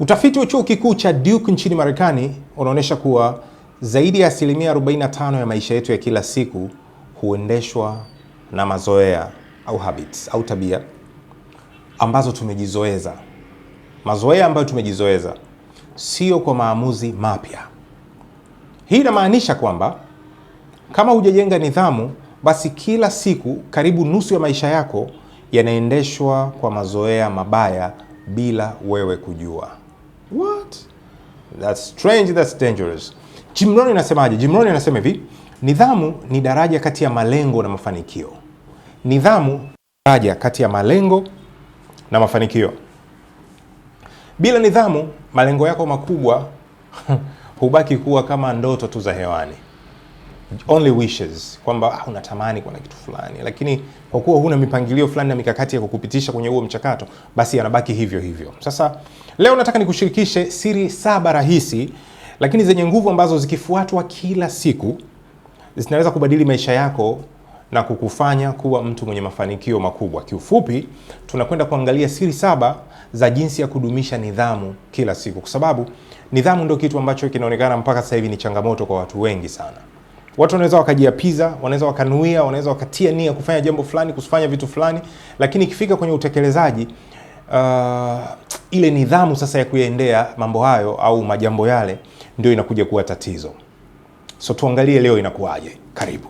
Utafiti wa chuo kikuu cha Duke nchini Marekani unaonyesha kuwa zaidi ya asilimia 45 ya maisha yetu ya kila siku huendeshwa na mazoea au habits au tabia ambazo tumejizoeza. Mazoea ambayo tumejizoeza, sio kwa maamuzi mapya. Hii inamaanisha kwamba kama hujajenga nidhamu, basi kila siku karibu nusu ya maisha yako yanaendeshwa kwa mazoea mabaya bila wewe kujua. What? That's strange, that's dangerous. Jim Rohn anasemaje? Jim Rohn anasema hivi, nidhamu ni daraja kati ya malengo na mafanikio. Nidhamu daraja kati ya malengo na mafanikio. Bila nidhamu, malengo yako makubwa hubaki kuwa kama ndoto tu za hewani only wishes kwamba ah, unatamani kuna na kitu fulani, lakini kwa kuwa huna mipangilio fulani na mikakati ya kukupitisha kwenye huo mchakato, basi yanabaki hivyo hivyo. Sasa leo nataka nikushirikishe siri saba rahisi lakini zenye nguvu ambazo zikifuatwa kila siku zinaweza kubadili maisha yako na kukufanya kuwa mtu mwenye mafanikio makubwa. Kiufupi, tunakwenda kuangalia siri saba za jinsi ya kudumisha nidhamu kila siku, kwa sababu nidhamu ndio kitu ambacho kinaonekana mpaka sasa hivi ni changamoto kwa watu wengi sana. Watu wanaweza wakajiapiza, wanaweza wakanuia, wanaweza wakatia nia kufanya jambo fulani, kufanya vitu fulani, lakini ikifika kwenye utekelezaji uh, ile nidhamu sasa ya kuyaendea mambo hayo au majambo yale ndio inakuja kuwa tatizo. So tuangalie leo inakuwaje. Karibu.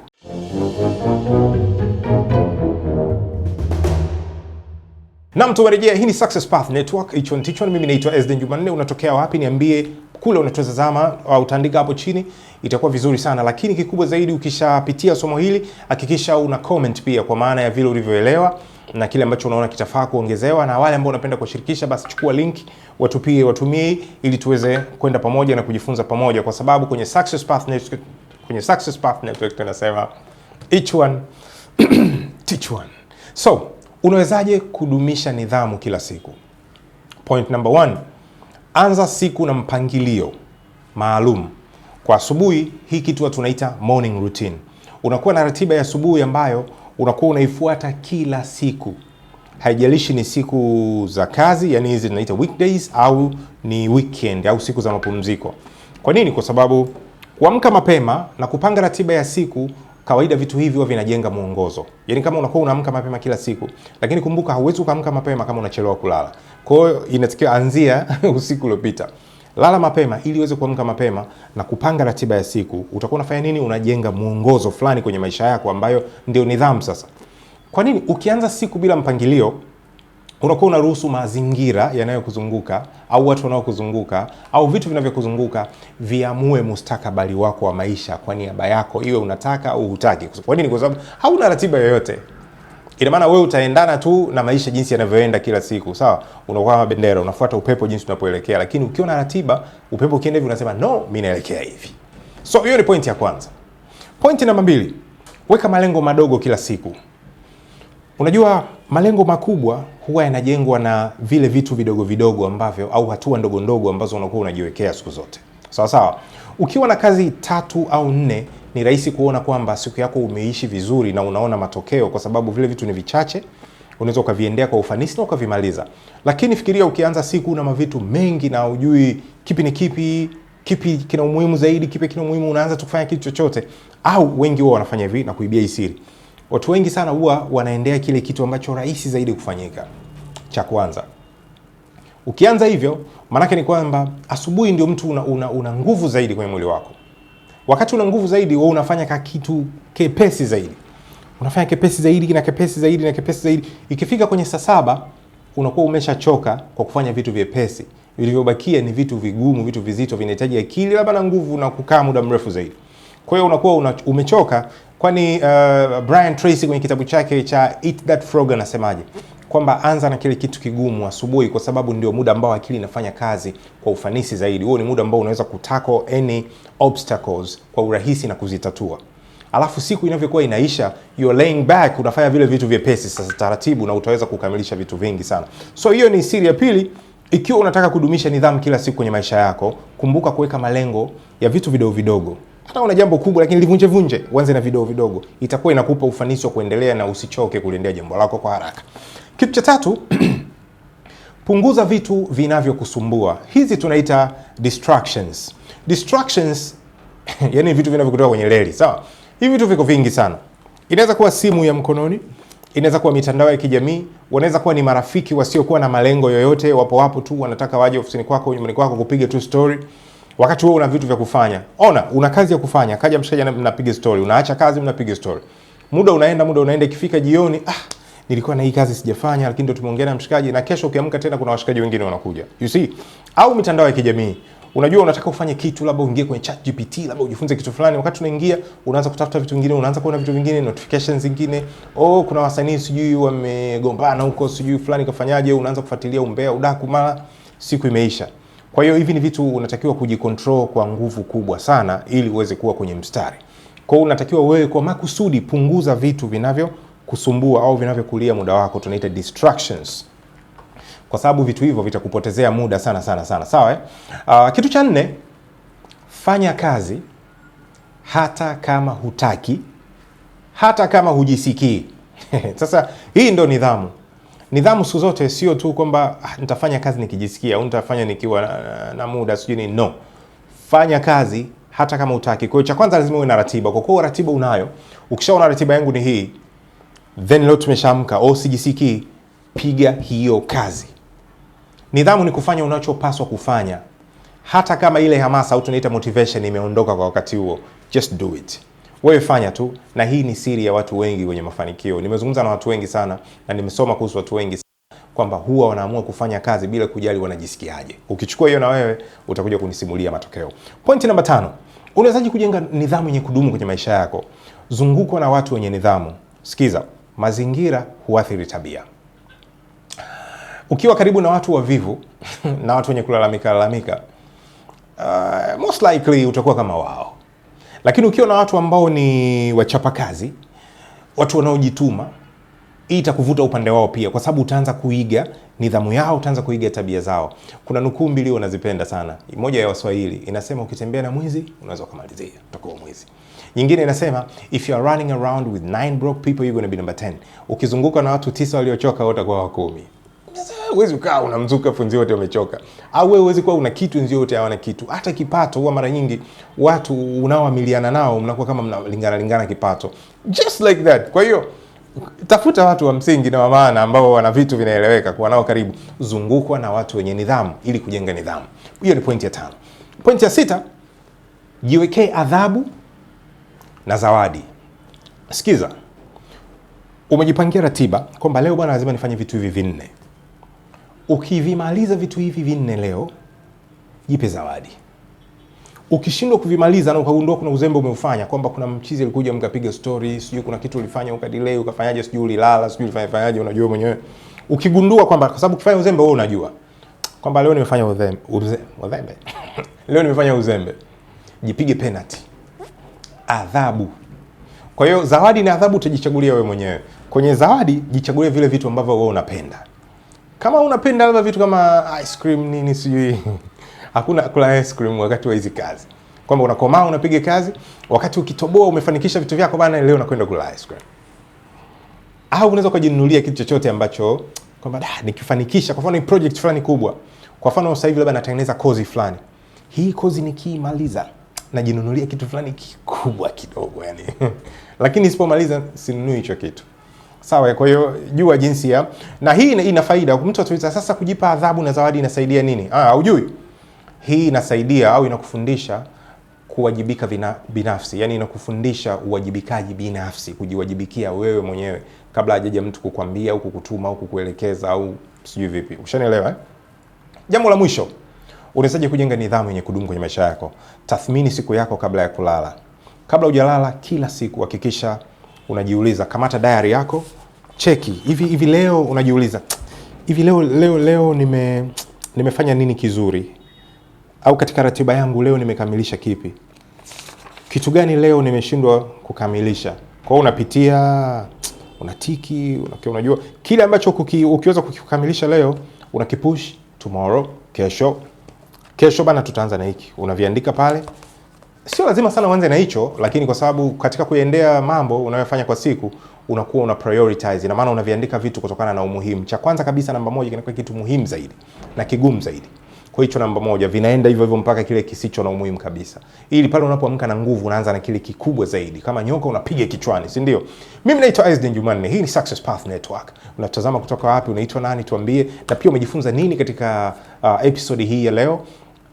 Naam, tumerejea. Hii ni Success Path Network. Mimi naitwa Ezden Jumanne. Unatokea wapi? Niambie kule unatozama utaandika hapo chini, itakuwa vizuri sana. Lakini kikubwa zaidi, ukishapitia somo hili hakikisha una comment pia, kwa maana ya vile ulivyoelewa na kile ambacho unaona kitafaa kuongezewa. Na wale ambao unapenda kuwashirikisha, basi chukua link watupie, watumie, ili tuweze kwenda pamoja na kujifunza pamoja, kwa sababu kwenye Success Path Network, kwenye Success Path Network tunasema each one teach one. So unawezaje kudumisha nidhamu kila siku? Point number one. Anza siku na mpangilio maalum. Kwa asubuhi hii kitu tunaita morning routine. Unakuwa na ratiba ya asubuhi ambayo unakuwa unaifuata kila siku, haijalishi ni siku za kazi, yani hizi tunaita weekdays, au ni weekend au siku za mapumziko. Kwa nini? Kwa sababu kuamka mapema na kupanga ratiba ya siku kawaida vitu hivi huwa vinajenga mwongozo. Yaani kama unakuwa unaamka mapema kila siku, lakini kumbuka hauwezi ukaamka mapema kama unachelewa kulala. Kwa hiyo inatakiwa anzia usiku uliopita. Lala mapema ili uweze kuamka mapema na kupanga ratiba ya siku. Utakuwa unafanya nini? Unajenga mwongozo fulani kwenye maisha yako ambayo ndio nidhamu sasa. Kwa nini ukianza siku bila mpangilio unakuwa unaruhusu mazingira yanayokuzunguka au watu wanaokuzunguka au vitu vinavyokuzunguka viamue mustakabali wako wa maisha kwa niaba yako, iwe unataka au hutaki. Kwa nini? Kwa sababu hauna ratiba yoyote. Ina maana wewe utaendana tu na maisha jinsi yanavyoenda kila siku, sawa? Unakuwa kama bendera, unafuata upepo jinsi unapoelekea, lakini ukiwa na ratiba, upepo ukienda hivi, unasema no, mimi naelekea hivi. So hiyo ni point ya kwanza. Point namba mbili, weka malengo madogo kila siku. Unajua Malengo makubwa huwa yanajengwa na vile vitu vidogo vidogo ambavyo au hatua ndogo ndogo ambazo unakuwa unajiwekea siku zote. Sawa sawa. Ukiwa na kazi tatu au nne ni rahisi kuona kwamba siku yako umeishi vizuri na unaona matokeo kwa sababu vile vitu ni vichache, unaweza ukaviendea kwa ufanisi na ukavimaliza. Lakini fikiria ukianza siku na mavitu mengi na ujui kipi ni kipi, kipi kina umuhimu zaidi, kipi kina umuhimu, unaanza tu kufanya kitu chochote, au wengi wao wanafanya hivi na kuibia hii siri. Watu wengi sana huwa wanaendea kile kitu ambacho rahisi zaidi kufanyika. Cha kwanza, ukianza hivyo, maanake ni kwamba asubuhi ndio mtu una, una, una nguvu zaidi kwenye mwili wako. Wakati una nguvu zaidi, wewe unafanya ka kitu kepesi zaidi, unafanya kepesi zaidi na kepesi zaidi na kepesi zaidi. Ikifika kwenye saa saba unakuwa umeshachoka kwa kufanya vitu vyepesi. Vilivyobakia ni vitu vigumu, vitu vizito, vinahitaji akili labda na nguvu na kukaa muda mrefu zaidi. Kwa hiyo unakuwa una, umechoka Kwani uh, Brian Tracy kwenye kitabu chake cha Eat That Frog anasemaje? Kwamba anza na kile kitu kigumu asubuhi, kwa sababu ndio muda ambao akili inafanya kazi kwa ufanisi zaidi. Huo ni muda ambao unaweza kutako any obstacles kwa urahisi na kuzitatua. Alafu siku inavyokuwa inaisha, you are laying back, unafanya vile vitu vyepesi sasa taratibu, na utaweza kukamilisha vitu vingi sana. So hiyo ni siri ya pili. Ikiwa unataka kudumisha nidhamu kila siku kwenye maisha yako, kumbuka kuweka malengo ya vitu vidogo vidogo hata una jambo kubwa lakini livunje vunje, uanze na vidogo vidogo, itakuwa inakupa ufanisi wa kuendelea na usichoke kuliendea jambo lako kwa haraka. Kitu cha tatu punguza vitu vinavyokusumbua. Hizi tunaita distractions. Distractions yani vitu vinavyokutoa kwenye reli, sawa? Hivi vitu viko vingi sana, inaweza kuwa simu ya mkononi inaweza kuwa mitandao ya kijamii, wanaweza kuwa ni marafiki wasiokuwa na malengo yoyote, wapo wapo tu wanataka waje ofisini kwako, nyumbani kwako kupiga tu story wakati wewe una vitu vya kufanya. Ona, una kazi ya kufanya, kaja mshikaji, mnapiga story, unaacha kazi, mnapiga story, muda unaenda, muda unaenda, ikifika jioni, ah, nilikuwa na hii kazi sijafanya, lakini ndio tumeongea na mshikaji, na kesho ukiamka tena kuna washikaji wengine wanakuja, you see. Au mitandao ya kijamii Unajua, unataka ufanye kitu, labda uingie kwenye chat GPT, labda ujifunze kitu fulani. Wakati unaingia unaanza kutafuta vitu vingine, unaanza kuona vitu vingine, notifications zingine, oh, kuna wasanii sijui wamegombana huko, sijui fulani kafanyaje, unaanza kufuatilia umbea, udaku, mara siku imeisha. Kwa hiyo hivi ni vitu unatakiwa kujikontrol kwa nguvu kubwa sana, ili uweze kuwa kwenye mstari. Kwa hiyo unatakiwa wewe kwa makusudi, punguza vitu vinavyokusumbua au vinavyokulia muda wako, tunaita distractions, kwa sababu vitu hivyo vitakupotezea muda sana sana sana. Sawa eh? Uh, kitu cha nne, fanya kazi hata kama hutaki, hata kama hujisikii. Sasa hii ndo nidhamu nidhamu siku zote sio tu kwamba ah, nitafanya kazi nikijisikia au nitafanya nikiwa na, na, na muda sijui nini. No, fanya kazi hata kama utaki. Kwa hiyo cha kwanza lazima uwe na ratiba. Kwa kuwa ratiba unayo, ukishaona ratiba yangu ni hii, then leo tumeshaamka au oh, sijisikii, piga hiyo kazi. Nidhamu ni kufanya unachopaswa kufanya, hata kama ile hamasa au tunaita motivation imeondoka kwa wakati huo, just do it. Wewe fanya tu, na hii ni siri ya watu wengi wenye mafanikio. Nimezungumza na watu wengi sana na nimesoma kuhusu watu wengi kwamba huwa wanaamua kufanya kazi bila kujali wanajisikiaje. Ukichukua hiyo na wewe utakuja kunisimulia matokeo. Pointi namba tano, unawezaji kujenga nidhamu yenye kudumu kwenye maisha yako? Zungukwa na watu wenye nidhamu. Sikiza, mazingira huathiri tabia. Ukiwa karibu na watu wavivu na watu wenye kulalamika lalamika, uh, most likely utakuwa kama wao. Lakini ukiwa na watu ambao ni wachapakazi, watu wanaojituma, hii itakuvuta upande wao pia, kwa sababu utaanza kuiga nidhamu yao, utaanza kuiga tabia zao. Kuna nukuu mbili wanazipenda sana, moja ya Waswahili inasema ukitembea na mwizi unaweza ukamalizia utakuwa mwizi. Nyingine inasema if you are running around with nine broke people you're going to be number 10. Ukizunguka na watu tisa waliochoka utakuwa wa kumi. Sasa eh, huwezi ukawa unamzuka funzi wote wamechoka, au wewe huwezi kuwa una kitu nzio wote hawana kitu. Hata kipato huwa mara nyingi watu unaoamiliana nao mnakuwa kama mnalingana lingana kipato, just like that. Kwa hiyo tafuta watu wa msingi na wa maana ambao wana vitu vinaeleweka, kuwa nao karibu, zungukwa na watu wenye nidhamu ili kujenga nidhamu. Hiyo ni pointi ya tano. Pointi ya sita, jiwekee adhabu na zawadi. Sikiza, umejipangia ratiba kwamba leo bwana, lazima nifanye vitu hivi vinne Ukivimaliza vitu hivi vinne leo, jipe zawadi. Ukishindwa kuvimaliza na ukagundua kuna uzembe umeufanya, kwamba kuna mchizi alikuja mkapiga story, sijui kuna kitu ulifanya ukadelay, ukafanyaje, sijui ulilala, sijui ulifanyaje, unajua mwenyewe. Ukigundua kwamba kwa sababu ukifanya uzembe wewe unajua kwamba leo nimefanya uzembe, uzembe. leo nimefanya uzembe, jipige penalty, adhabu. Kwa hiyo zawadi na adhabu utajichagulia wewe mwenyewe. Kwenye zawadi jichagulie vile vitu ambavyo wewe unapenda. Kama unapenda labda vitu kama ice cream nini sijui hakuna kula ice cream wakati wa hizi kazi, kwamba unakomaa unapiga kazi, wakati ukitoboa umefanikisha vitu vyako bana, leo nakwenda kula ice cream. Au unaweza kujinunulia kitu chochote ambacho kwamba da, nikifanikisha kwa mfano ni project fulani kubwa, kwa mfano sasa hivi labda natengeneza kozi fulani, hii kozi nikimaliza najinunulia kitu fulani kikubwa kidogo yani lakini sipomaliza sinunui hicho kitu. Sawa, kwa hiyo jua jinsi ya na hii ina faida. Mtu atuita sasa, kujipa adhabu na zawadi inasaidia nini? Ah, hujui hii inasaidia au inakufundisha kuwajibika vina, binafsi yani inakufundisha uwajibikaji binafsi, kujiwajibikia wewe mwenyewe kabla hajaja mtu kukwambia au kukutuma au kukuelekeza au sijui vipi. Ushanielewa eh? Jambo la mwisho, unawezaje kujenga nidhamu yenye kudumu kwenye maisha yako? Tathmini siku yako kabla ya kulala. Kabla hujalala, kila siku hakikisha unajiuliza, kamata diary yako cheki hivi hivi, leo unajiuliza hivi leo, leo, leo nime nimefanya nini kizuri, au katika ratiba yangu leo nimekamilisha kipi, kitu gani leo nimeshindwa kukamilisha. Kwa hiyo unapitia, unatiki, unakiwa, unajua kile ambacho kuki, ukiweza kukikamilisha leo unakipush tomorrow, kesho kesho bana, tutaanza na hiki, unaviandika pale. Sio lazima sana uanze na hicho, lakini kwa sababu katika kuendea mambo unayofanya kwa siku unakuwa una prioritize, ina maana unaviandika vitu kutokana na umuhimu. Cha kwanza kabisa, namba moja kinakuwa kitu muhimu zaidi na kigumu zaidi. Kwa hicho namba moja, vinaenda hivyo hivyo mpaka kile kisicho na umuhimu kabisa, ili pale unapoamka na nguvu, unaanza na kile kikubwa zaidi. Kama nyoka unapiga kichwani, si ndio? Mimi naitwa Aisden Jumanne, hii ni Success Path Network. Unatazama kutoka wapi? Unaitwa nani? Tuambie, na pia umejifunza nini katika uh, episode hii ya leo?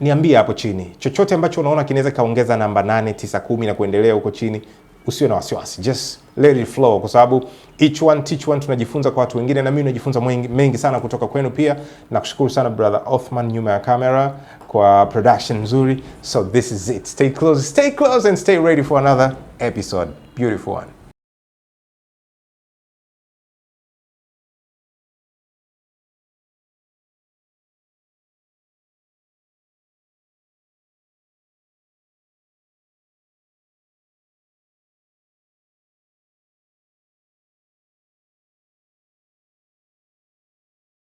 Niambie hapo chini chochote ambacho unaona kinaweza kaongeza namba 8 9 10 na kuendelea huko chini usiwe na wasiwasi, just let it flow, kwa sababu each one teach one, tunajifunza kwa watu wengine na mimi najifunza mengi sana kutoka kwenu pia. Nakushukuru sana brother Othman nyuma ya kamera kwa production nzuri. So this is it, stay close, stay close and stay ready for another episode, beautiful one.